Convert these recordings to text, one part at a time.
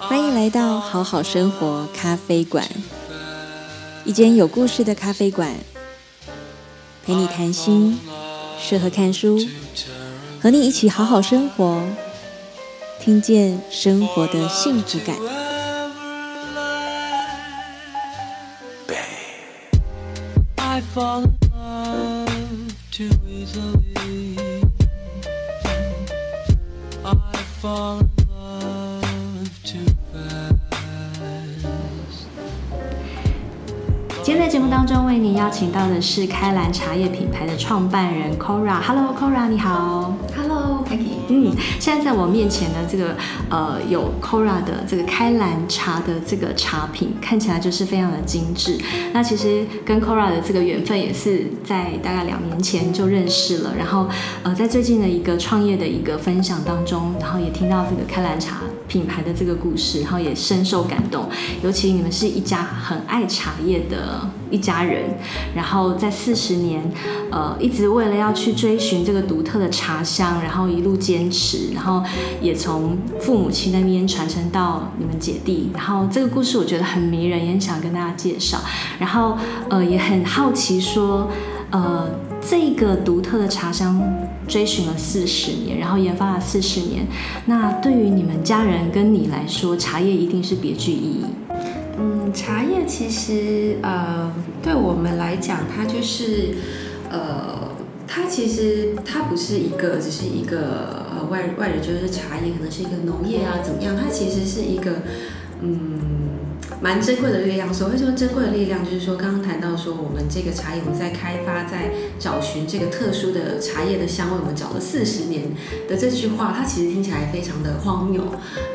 歡迎來到好好生活咖啡館，一間有故事的咖啡館，陪你談心，適合看書，和你一起好好生活，聽見生活的幸福感。今天在節目當中，為你邀請到的是開蘭茶葉品牌的創辦人 Cora。Hello，Cora，你好。嗯，現在在我面前的這個呃，有 Cora 的這個開蘭茶的這個茶品，看起來就是非常的精緻。那其實跟 Cora 的這個緣分也是在大概兩年前就認識了，然後呃，在最近的一個創業的一個分享當中，然後也聽到這個開蘭茶。品牌的這個故事，然後也深受感動，尤其你們是一家很愛茶葉的一家人，然後在四十年，呃，一直為了要去追尋這個獨特的茶香，然後一路堅持，然後也從父母親那邊傳承到你們姐弟，然後這個故事我覺得很迷人，也很想跟大家介紹，然後呃也很好奇說，呃。這個獨特的茶香，追尋了四十年，然後研發了四十年。那對於你們家人跟你來說，茶葉一定是別具意義。嗯，茶葉其實呃，對我們來講，它就是，呃，它其實它不是一個，只是一個呃外外人覺得是茶葉，可能是一個農業啊，怎麼樣？它其實是一個，嗯。蠻珍貴的力量。所謂說珍貴的力量，就是說，剛剛談到說，我們這個茶葉，我們在開發，在找尋這個特殊的茶葉的香味，我們找了四十年的這句話，它其實聽起來非常的荒謬，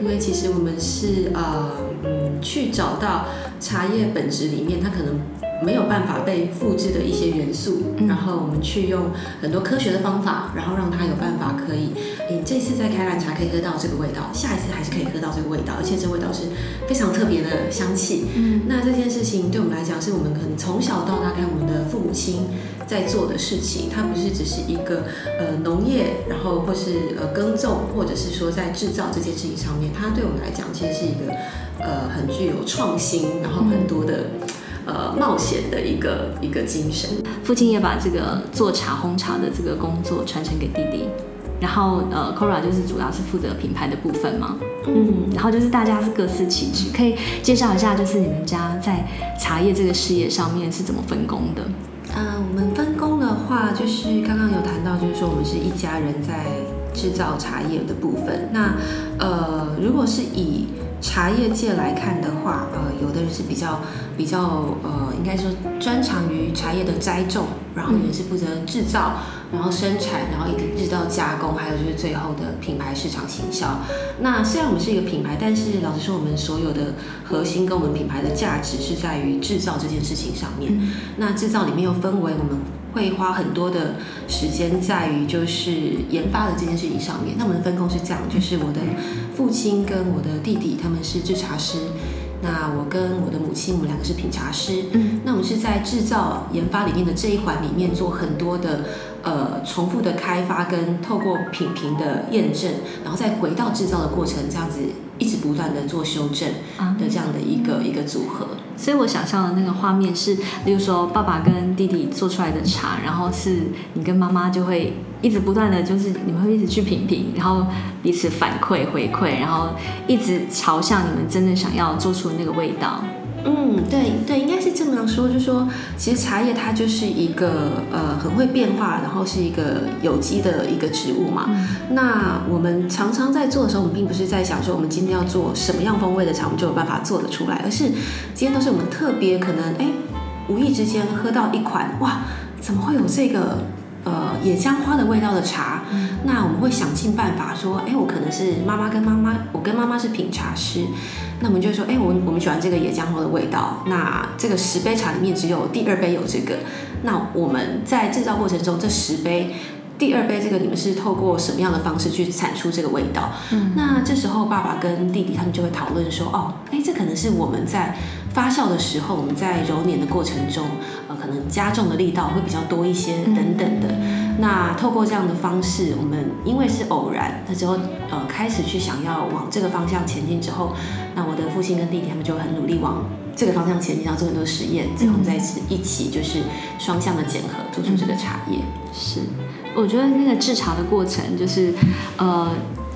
因為其實我們是呃嗯去找到茶葉本質裡面，它可能。沒有辦法被複製的一些元素，嗯、然後我們去用很多科學的方法，然後讓它有辦法可以，你、哎、這次在開蘭茶可以喝到這個味道，下一次還是可以喝到這個味道，而且這味道是非常特別的香氣。嗯、那這件事情對我們來講，是我們可能從小到大看我們的父母親在做的事情，它不是只是一個呃農業，然後或是呃耕種，或者是說在製造這件事情上面，它對我們來講其實是一個呃很具有創新，然後很多的。嗯呃，冒險的一個一個精神，父親也把這個做茶、烘茶的這個工作傳承給弟弟，然後呃 Cora 就是主要是負責品牌的部分嘛，嗯，然後就是大家是各司其職，可以介紹一下就是你們家在茶葉這個事業上面是怎麼分工的？嗯、呃，我們分工的話，就是剛剛有談到，就是說我們是一家人在制造茶葉的部分，那呃，如果是以茶葉界來看的話，呃，有的人是比較比較呃，應該說專長於茶葉的栽種，然後有人是負責製造，然後生產，然後一直到加工，還有就是最後的品牌市場行銷。那雖然我們是一個品牌，但是老實說，我們所有的核心跟我們品牌的價值是在於製造這件事情上面。那製造裡面又分為我們。會花很多的時間在於就是研發的這件事情上面。那我們的分工是這樣，就是我的父親跟我的弟弟他們是製茶師，那我跟我的母親我們兩個是品茶師。嗯，那我們是在製造研發裡面的這一環裡面做很多的呃重複的開發，跟透過品評的驗證，然後再回到製造的過程，這樣子一直不斷的做修正啊的這樣的一個一個組合。所以我想象的那個畫面是，比如說爸爸跟弟弟做出來的茶，然後是你跟媽媽就會一直不斷的就是你們會一直去品評，然後彼此反饋回饋，然後一直朝向你們真的想要做出的那個味道。嗯，對對，應該是這麼說。就是說，其實茶葉它就是一個呃很會變化，然後是一個有機的一個植物嘛。嗯，那我們常常在做的時候，我們並不是在想說我們今天要做什麼樣風味的茶，我們就有辦法做得出來，而是今天都是我們特別可能哎無意之間喝到一款哇，怎麼會有這個？呃，野薑花的味道的茶，嗯、那我們會想盡辦法說，哎、欸，我可能是媽媽跟媽媽，我跟媽媽是品茶師，那我們就會說，哎、欸，我我們喜歡這個野薑花的味道，那這個十杯茶裡面只有第二杯有這個，那我們在製造過程中，這十杯第二杯這個你們是透過什麼樣的方式去產出這個味道？嗯、那這時候爸爸跟弟弟他們就會討論說，哦，哎、欸，這可能是我們在發酵的時候，我們在揉捻的過程中。能加重的力道會比較多一些，等等的。嗯、那透過這樣的方式，我們因為是偶然的時候，呃，開始去想要往這個方向前進之後，那我的父親跟弟弟他們就很努力往這個方向前進，要做很多實驗，最後再一起就是雙向的結合，做出這個茶葉。嗯、是，我覺得那個製茶的過程就是，呃。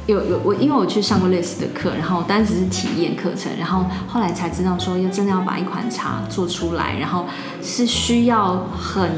有有我，因為我去上過類似的課，然後當時只是體驗課程，然後後來才知道說要真的要把一款茶做出來，然後是需要很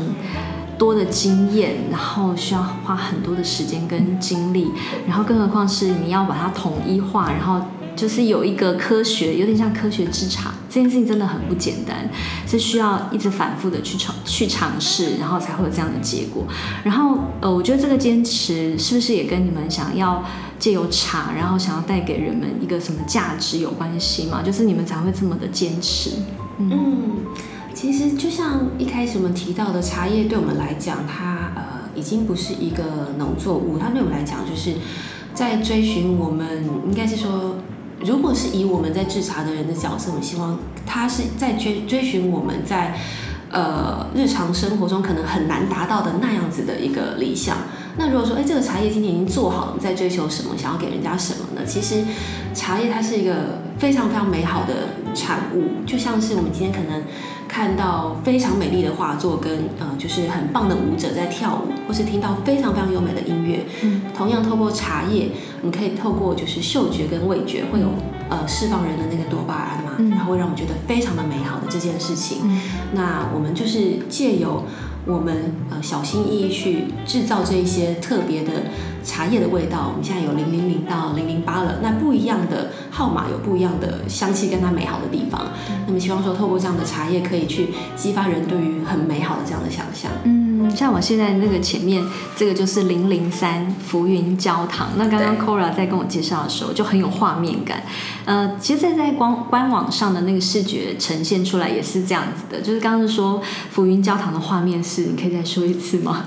多的經驗，然後需要花很多的時間跟精力，然後更何況是你要把它統一化，然後就是有一個科學，有點像科學製茶，這件事情真的很不簡單，是需要一直反復的去嘗去嘗試，然後才會有這樣的結果。然後呃，我覺得這個堅持是不是也跟你們想要？借由茶，然後想要帶給人們一個什麼價值有關係嗎？就是你們才會這麼的堅持。嗯，嗯，其實就像一開始我們提到的，茶葉對我們來講，它呃已經不是一個農作物，它對我們來講就是在追尋我們，應該是說，如果是以我們在製茶的人的角色，我們希望它是在追追尋我們在。呃，日常生活中可能很難達到的那樣子的一個理想。那如果說，哎，這個茶葉今天已經做好了，你在追求什麼？想要給人家什麼呢？其實，茶葉它是一個非常非常美好的產物，就像是我們今天可能看到非常美麗的畫作跟、跟呃，就是很棒的舞者在跳舞，或是聽到非常非常優美的音樂。嗯。同樣，透過茶葉，我們可以透過就是嗅覺跟味覺，會有。呃，釋放人的那個多巴胺嘛，嗯、然後會讓我覺得非常的美好的這件事情。嗯、那我們就是借由我們呃小心翼翼去製造這一些特別的茶葉的味道。我們現在有零零零到零零八了，那不一樣的號碼有不一樣的香氣跟它美好的地方。嗯、那麼希望說透過這樣的茶葉可以去激發人對於很美好的這樣的想象。嗯像我現在那個前面、嗯、這個就是零零三浮雲焦糖，對那剛剛 Cora 在跟我介紹的時候就很有畫面感。呃，其實在在官官網上的那個視覺呈現出來也是這樣子的，就是剛剛說浮雲焦糖的畫面是，你可以再說一次嗎？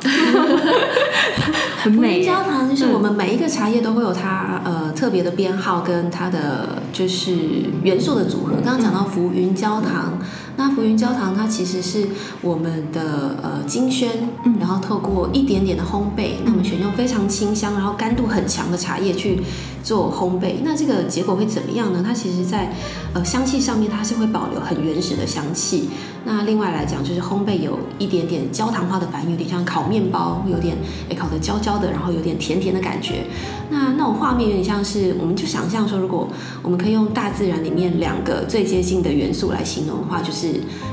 很美，浮雲焦糖就是我們每一個茶葉都會有它呃特別的編號跟它的就是元素的組合。剛剛講到浮雲焦糖。那浮雲焦糖它其實是我們的呃金萱，然後透過一點點的烘焙，那我們選用非常清香，然後乾度很強的茶葉去做烘焙，那這個結果會怎麼樣呢？它其實在，在呃香氣上面，它是會保留很原始的香氣。那另外來講，就是烘焙有一點點焦糖化的反應，有點像烤麵包，有點哎烤得焦焦的，然後有點甜甜的感覺。那那種畫面有點像是，我們就想象說，如果我們可以用大自然裡面兩個最接近的元素來形容的話，就是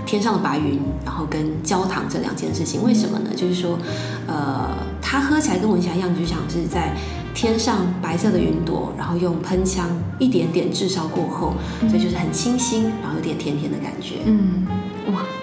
天上的白雲，然後跟焦糖這兩件事情。為什麼呢？就是說，呃，它喝起來跟我們想一樣，就像是在天上白色的雲朵，然後用噴槍一點點炙燒過後，所以就是很清新，然後有點甜甜的感覺。嗯。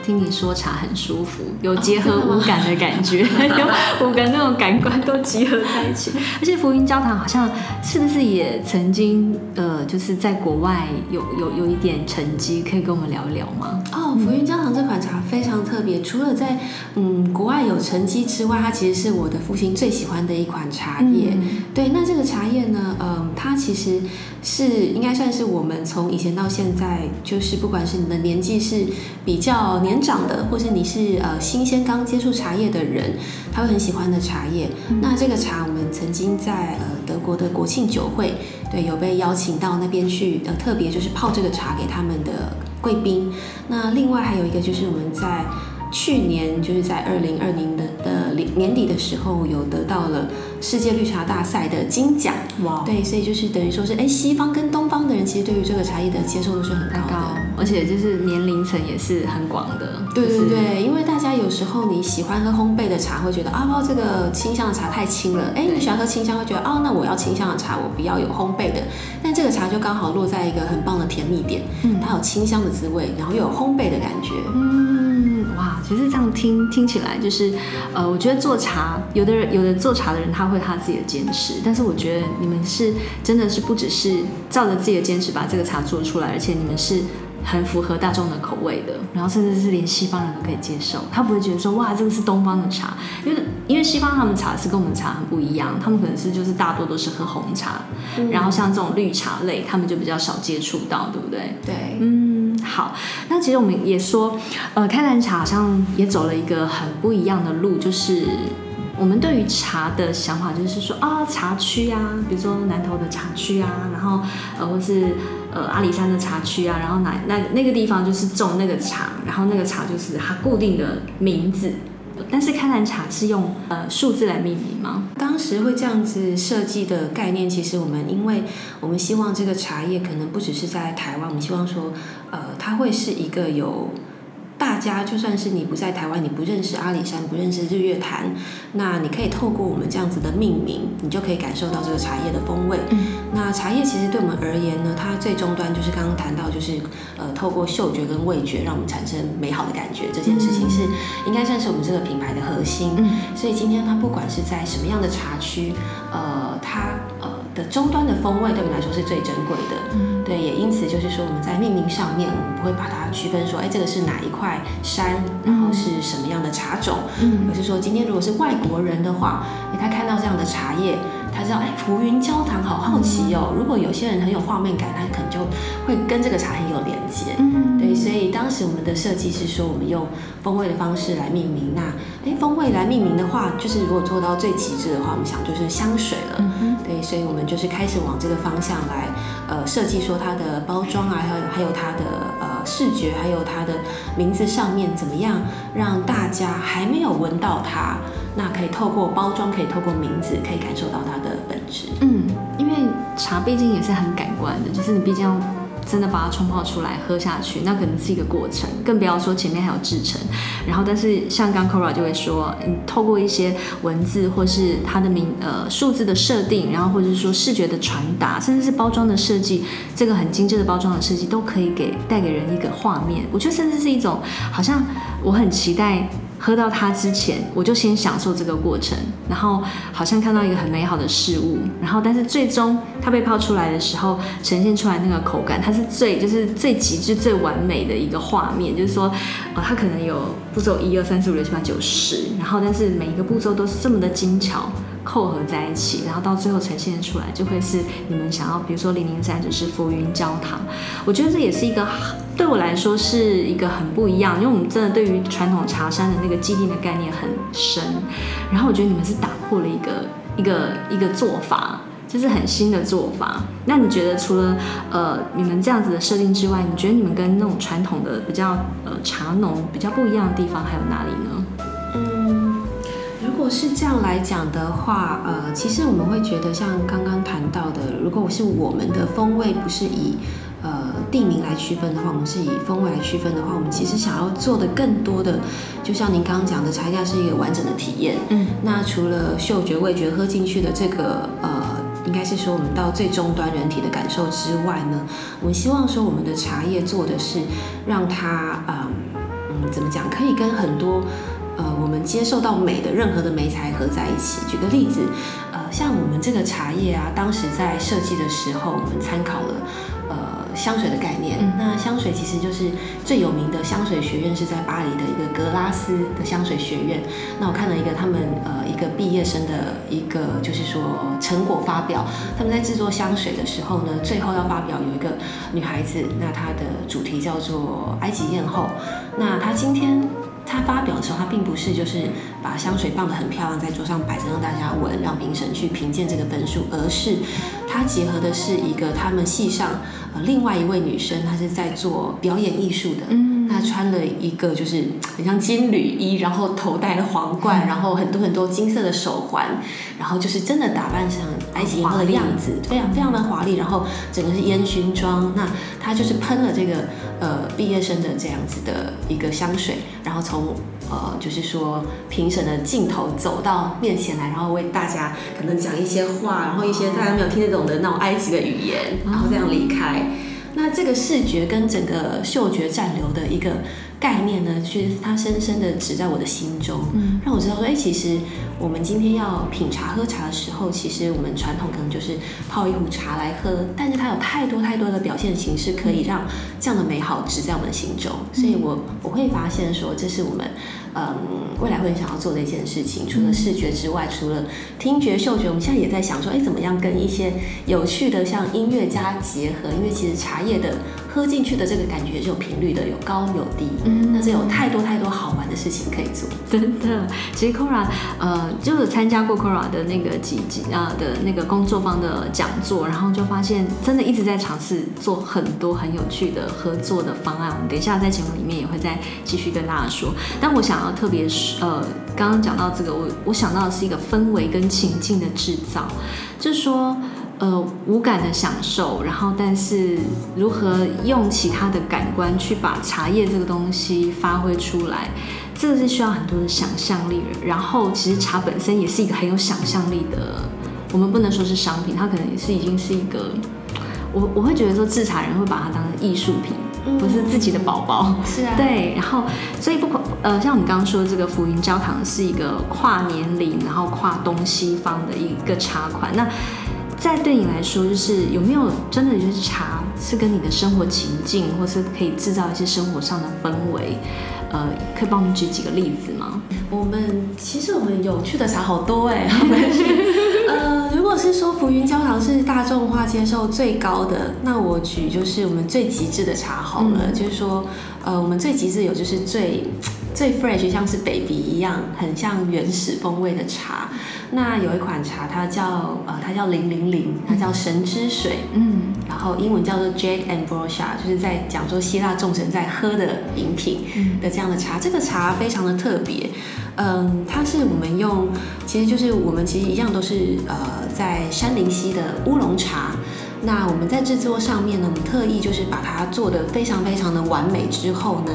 聽你說茶很舒服，有結合五感的感覺，哦、有五感的那種感官都集合在一起。 而且浮雲焦糖好像是不是也曾經呃，就是在國外有有有一點成績，可以跟我們聊一聊嗎？哦，浮雲焦糖這款茶非常特別，嗯、除了在嗯國外有成績之外，它其實是我的父親最喜歡的一款茶葉。嗯、對，那這個茶葉呢，嗯，它其實是應該算是我們從以前到現在，就是不管是你的年紀是比較年。年長的，或者你是呃新鮮剛接觸茶葉的人，他會很喜歡的茶葉。嗯、那這個茶，我們曾經在呃德國的國慶酒會，對，有被邀請到那邊去，呃，特別就是泡這個茶給他們的貴賓。那另外還有一個就是我們在。去年就是在二零二零的的年底的時候，有得到了世界綠茶大賽的金獎。哇 Wow！對，所以就是等於說是，哎、欸，西方跟東方的人其實對於這個茶葉的接受度是很高的高高，而且就是年齡層也是很廣的。就是、對對對，因為大家有時候你喜歡喝烘焙的茶，會覺得啊，啊，這個清香的茶太輕了。哎、欸，對你喜歡喝清香，會覺得哦、啊，那我要清香的茶，我不要有烘焙的。但這個茶就剛好落在一個很棒的甜蜜點，它有清香的滋味，然後又有烘焙的感覺。嗯。哇，其實這樣聽聽起來，就是，呃，我覺得做茶，有的人有的做茶的人他會他自己的堅持，但是我覺得你們是真的是不只是照着自己的堅持把這個茶做出來，而且你們是很符合大眾的口味的，然後甚至是連西方人都可以接受，他不會覺得說哇，這個是東方的茶，因為因為西方他們茶是跟我們茶很不一樣，他們可能是就是大多都是喝紅茶，嗯、然後像這種綠茶類，他們就比較少接觸到，對不對？對，嗯。好，那其實我們也說，呃，開蘭茶好像也走了一個很不一樣的路，就是我們對於茶的想法，就是說啊、哦，茶區呀、啊，比如說南投的茶區啊，然後呃，或是呃阿里山的茶區啊，然後哪那那個地方就是種那個茶，然後那個茶就是它固定的名字。但是開蘭茶是用呃數字來命名嗎？當時會這樣子設計的概念，其實我們因為我們希望這個茶葉可能不只是在台灣，我們希望說，呃，它會是一個有大家，就算是你不在台灣，你不認識阿里山，不認識日月潭，那你可以透過我們這樣子的命名，你就可以感受到這個茶葉的風味。嗯茶葉其實對我們而言呢，它最終端就是剛剛談到，就是呃，透過嗅覺跟味覺讓我們產生美好的感覺這件事情是，是、嗯嗯、應該算是我們這個品牌的核心。嗯嗯，所以今天它不管是在什麼樣的茶區，呃，它的呃的終端的風味對我們來說是最珍貴的。嗯嗯，對，也因此就是說我們在命名上面，我們不會把它區分說，哎，這個是哪一塊山，然後是什麼樣的茶種，嗯嗯，而是說今天如果是外國人的話，哎，他看到這樣的茶葉。他知道，哎，浮雲焦糖，好好奇哦。如果有些人很有畫面感，他可能就會跟這個茶很有聯。嗯，對，所以當時我們的設計是說，我們用風味的方式來命名。那，哎，風味來命名的話，就是如果做到最極致的話，我們想就是香水了。嗯哼，對，所以我們就是開始往這個方向來，呃，設計說它的包裝啊，還有還有它的呃視覺，還有它的名字上面怎麼樣，讓大家還沒有聞到它，那可以透過包裝，可以透過名字，可以感受到它的本質。嗯，因為茶畢竟也是很感官的，就是你畢竟。真的把它沖泡出來喝下去，那可能是一個過程，更不要說前面還有制程。然後，但是像剛 Cora 就會說，你透過一些文字或是它的名呃數字的設定，然後或者是說視覺的傳達，甚至是包裝的設計，這個很精緻的包裝的設計都可以給帶給人一個畫面。我覺得甚至是一種，好像我很期待。喝到它之前，我就先享受這個過程，然後好像看到一個很美好的事物，然後但是最終它被泡出來的時候，呈現出來那個口感，它是最就是最極致、最完美的一個畫面，就是說，哦，它可能有。步驟一二三四五六七八九十，然後但是每一個步驟都是這麼的精巧扣合在一起，然後到最後呈現出來就會是你們想要，比如說零零三就是浮雲焦糖，我覺得這也是一個對我來說是一個很不一樣，因為我們真的對於傳統茶山的那個既定的概念很深，然後我覺得你們是打破了一個一個一個做法。就是很新的做法。那你覺得除了呃你們這樣子的設定之外，你覺得你們跟那種傳統的比較呃茶農比較不一樣的地方還有哪裡呢？嗯，如果是這樣來講的話，呃，其實我們會覺得像剛剛談到的，如果是我們的風味不是以呃地名來區分的話，我們是以風味來區分的話，我們其實想要做的更多的，就像您剛剛講的，茶料是一個完整的體驗。嗯，那除了嗅覺、味覺喝進去的這個呃。應該是說，我們到最終端人體的感受之外呢，我們希望說，我們的茶葉做的是讓它，嗯嗯，怎麼講，可以跟很多，呃，我們接受到美的任何的媒材合在一起。舉個例子，呃，像我們這個茶葉啊，當時在設計的時候，我們參考了。香水的概念，那香水其實就是最有名的香水學院是在巴黎的一個格拉斯的香水學院。那我看了一個他們呃一個畢業生的一個就是說成果發表，他們在製作香水的時候呢，最後要發表有一個女孩子，那她的主題叫做埃及艷後。那她今天。他發表的時候，他並不是就是把香水放得很漂亮，在桌上擺着讓大家聞，讓評審去評鑑這個分數，而是他結合的是一個他們系上呃另外一位女生，她是在做表演藝術的。嗯他穿了一個就是很像金縷衣，然後頭戴了皇冠，然後很多很多金色的手環，然後就是真的打扮成埃及人的樣子，非常麗、啊、非常的華麗，然後整個是煙熏妝。那他就是噴了這個呃畢業生的這樣子的一個香水，然後從呃就是說評審的鏡頭走到面前來，然後為大家可能講一些話，然後一些大家沒有聽得懂的那種埃及的語言，然後這樣離開。那這個視覺跟整個嗅覺佔留的一個概念呢，其實它深深的植在我的心中，嗯，讓我知道說，哎，其實我們今天要品茶喝茶的時候，其實我們傳統可能就是泡一壺茶來喝，但是它有太多太多的表現形式可以讓這樣的美好植在我們心中，所以我我會發現說，這是我們。嗯，未來會想要做的一件事情，除了視覺之外，嗯、除了聽覺、嗅覺，我們現在也在想說，哎，怎麼樣跟一些有趣的像音樂家結合？因為其實茶葉的。喝進去的這個感覺是有頻率的，有高有低，嗯，那是有太多太多好玩的事情可以做，真的。其實 Cora，呃，就是參加過 Cora 的那個幾幾啊的那個工作坊的講座，然後就發現真的一直在嘗試做很多很有趣的合作的方案。我們等一下在節目裡面也會再繼續跟大家說。但我想要特別是呃，剛剛講到這個，我我想到的是一個氛圍跟情境的制造，就是說。呃，五感的享受，然後但是如何用其他的感官去把茶葉這個東西發揮出來，這個是需要很多的想象力的，然後其實茶本身也是一個很有想象力的，我們不能說是商品，它可能也是已經是一個，我我會覺得說製茶人會把它當成藝術品，不是自己的寶寶，嗯嗯是啊，對。然後所以不管呃，像我們剛剛說的這個浮雲焦糖是一個跨年齡，然後跨東西方的一個茶款，那。在對你來說，就是有沒有真的就是茶是跟你的生活情境，或是可以製造一些生活上的氛圍，呃，可以幫我們舉幾個例子嗎？我們其實我們有趣的茶好多哎， 呃，如果是說浮雲焦糖是大眾化接受最高的，那我舉就是我們最極致的茶好了，嗯、就是說，呃，我們最極致有就是最。最 fresh 像是 baby 一樣，很像原始風味的茶。那有一款茶，它叫呃，它叫零零零，它叫神之水，嗯，然後英文叫做 Jack and Ambrosia，就是在講說希臘眾神在喝的飲品的這樣的茶。嗯、這個茶非常的特別，嗯、呃，它是我們用，其實就是我們其實一樣都是呃在杉林溪的烏龍茶。那我們在製作上面呢，我們特意就是把它做得非常非常的完美之後呢，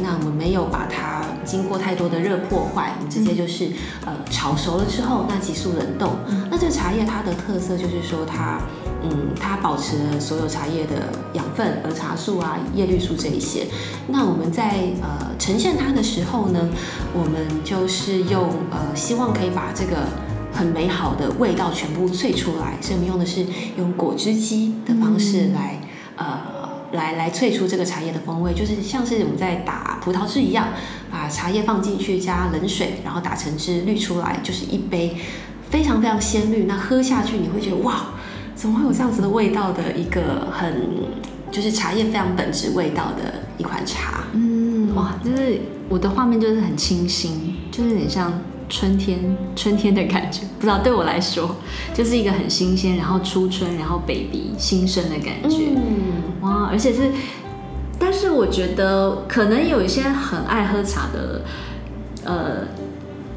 那我們沒有把它經過太多的熱破壞，我們直接就是、嗯、呃炒熟了之後，那急速冷凍。那這茶葉它的特色就是說它，嗯，它保持了所有茶葉的養分，呃，茶素啊，葉綠素這一些。那我們在呃呈現它的時候呢，我們就是用呃希望可以把這個。很美好的味道全部萃出來，所以我們用的是用果汁機的方式來，嗯、呃，來來萃出這個茶葉的風味，就是像是我們在打葡萄汁一樣，把茶葉放進去加冷水，然後打成汁濾出來，就是一杯非常非常鮮綠。那喝下去你會覺得哇，怎麼會有這樣子的味道的一個很，就是茶葉非常本質味道的一款茶。嗯，哇，就是我的畫面就是很清新，就是有點像。春天，春天的感覺，不知道對我來說，就是一個很新鮮，然後初春，然後 baby 新生的感覺，嗯、哇！而且是，但是我覺得可能有一些很愛喝茶的，呃，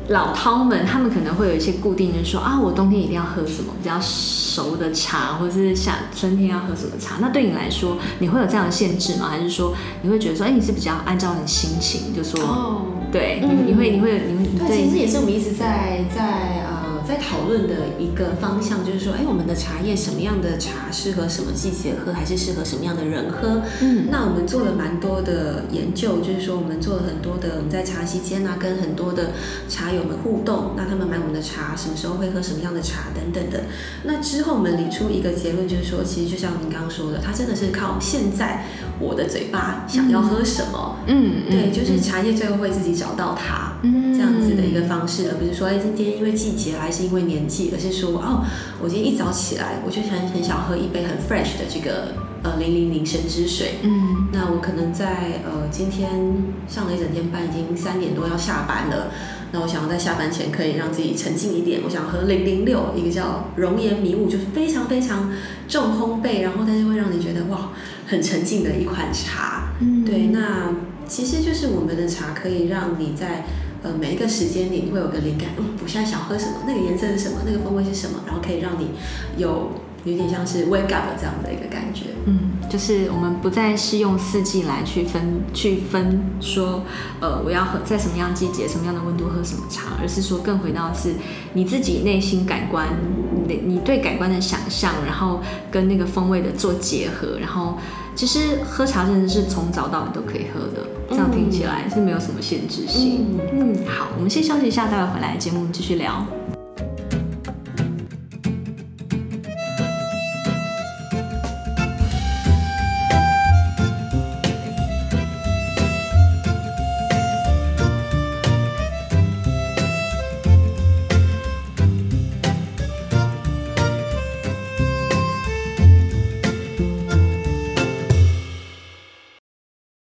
老饕們，他們可能會有一些固定就是，就說啊，我冬天一定要喝什麼比較熟的茶，或者是夏春天要喝什麼茶？那對你來說，你會有這樣的限制嗎？還是說你會覺得說，哎、欸，你是比較按照你心情，就說。哦對、嗯你，你會，你會，你會，對，對，其實也是我們一直在在，在討論的一個方向就是說，哎、欸，我們的茶葉什麼樣的茶適合什麼季節喝，還是適合什麼樣的人喝？嗯，那我們做了蠻多的研究，就是說我們做了很多的，我們在茶席間呢，跟很多的茶友們互動，那他們買我們的茶，什麼時候會喝什麼樣的茶等等的。那之後我們理出一個結論，就是說，其實就像您剛剛說的，它真的是靠現在我的嘴巴想要喝什麼，嗯，嗯對，就是茶葉最後會自己找到它。這樣子的一個方式，而不是說哎，今天因為季節還是因為年紀，而是說哦，我今天一早起來，我就很很想喝一杯很 fresh 的這個呃零零零神之水。嗯，那我可能在呃今天上了一整天班，已經三點多要下班了，那我想要在下班前可以讓自己沉靜一點，我想要喝零零六，一個叫熔岩迷霧，就是非常非常重烘焙，然後但是會讓你覺得哇很沉靜的一款茶。嗯，對，那其實就是我們的茶可以讓你在。呃，每一個時間你會有個靈感，嗯，我現在想喝什麼？那個顏色是什麼？那個風味是什麼？然後可以讓你有有點像是 wake up 這樣的一個感覺，嗯，就是我們不再是用四季來去分去分說，呃，我要喝在什麼樣季節、什麼樣的溫度喝什麼茶，而是說更回到是你自己內心感官，你你對感官的想象，然後跟那個風味的做結合，然後其實喝茶真的是從早到晚都可以喝的。嗯、這樣聽起來是沒有什麼限制性嗯。嗯，好，我們先休息一下，待會回來，節目我們繼續聊。